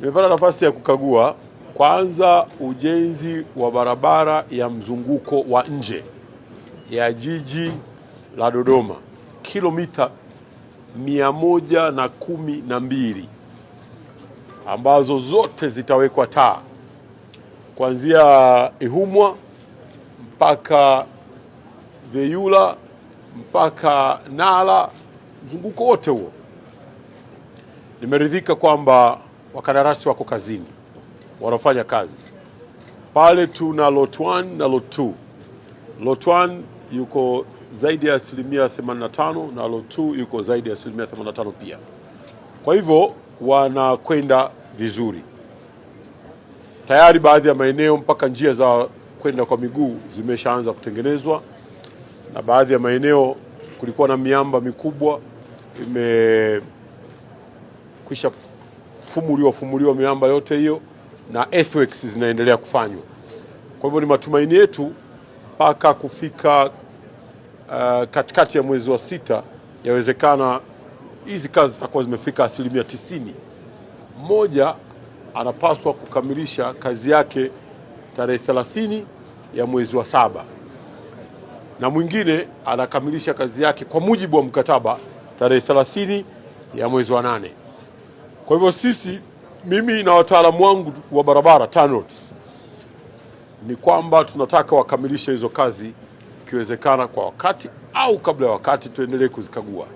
Nimepata nafasi ya kukagua kwanza ujenzi wa barabara ya mzunguko wa nje ya jiji la Dodoma kilomita mia moja na kumi na mbili ambazo zote zitawekwa taa kuanzia Ihumwa mpaka Veyula mpaka Nala, mzunguko wote huo. Nimeridhika kwamba wakandarasi wako kazini, wanafanya kazi pale. Tuna lot 1 na lot 2. Lot 1 yuko zaidi ya asilimia 85 na lot 2 yuko zaidi ya asilimia 85 pia, kwa hivyo wanakwenda vizuri tayari. Baadhi ya maeneo mpaka njia za kwenda kwa miguu zimeshaanza kutengenezwa, na baadhi ya maeneo kulikuwa na miamba mikubwa imekwisha kufumuliwa fumuliwa miamba yote hiyo na earthworks zinaendelea kufanywa. Kwa hivyo ni matumaini yetu mpaka kufika uh, katikati ya mwezi wa sita, yawezekana hizi kazi zitakuwa zimefika asilimia tisini. Mmoja anapaswa kukamilisha kazi yake tarehe 30 ya mwezi wa saba na mwingine anakamilisha kazi yake kwa mujibu wa mkataba tarehe 30 ya mwezi wa nane. Kwa hivyo sisi, mimi na wataalamu wangu wa barabara TANROADS, ni kwamba tunataka wakamilishe hizo kazi ikiwezekana kwa wakati au kabla ya wakati, tuendelee kuzikagua.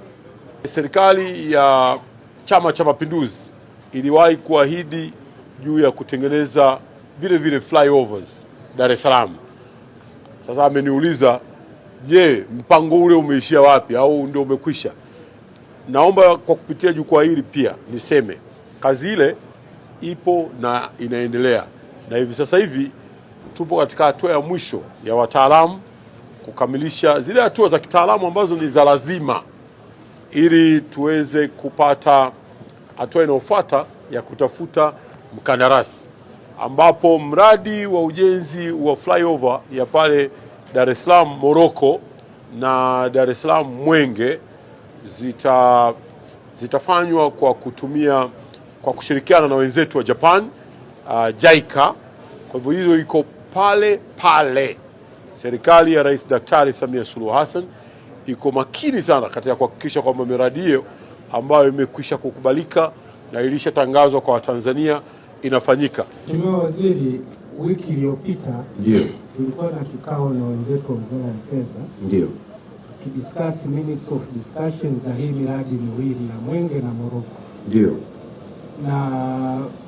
Serikali ya Chama cha Mapinduzi iliwahi kuahidi juu ya kutengeneza vile vile flyovers Dar es Salaam. Sasa ameniuliza, je, mpango ule umeishia wapi au ndio umekwisha? Naomba kwa kupitia jukwaa hili pia niseme kazi ile ipo na inaendelea, na hivi sasa hivi tupo katika hatua ya mwisho ya wataalamu kukamilisha zile hatua za kitaalamu ambazo ni za lazima ili tuweze kupata hatua inayofuata ya kutafuta mkandarasi, ambapo mradi wa ujenzi wa flyover ya pale Dar es Salaam Moroko na Dar es Salaam Mwenge zita, zitafanywa kwa kutumia kwa kushirikiana na wenzetu wa Japan uh, JICA. Kwa hivyo hizo iko pale pale. Serikali ya Rais Daktari Samia Suluhu Hassan iko makini sana katika kuhakikisha kwamba miradi hiyo ambayo imekwisha kukubalika na ilishatangazwa kwa Watanzania inafanyika. Mheshimiwa Waziri, wiki iliyopita ndio tulikuwa na kikao na wenzetu wa Wizara ya Fedha ndio tukidiskasi minutes of discussions za hii miradi miwili ya Mwenge na Moroko ndio na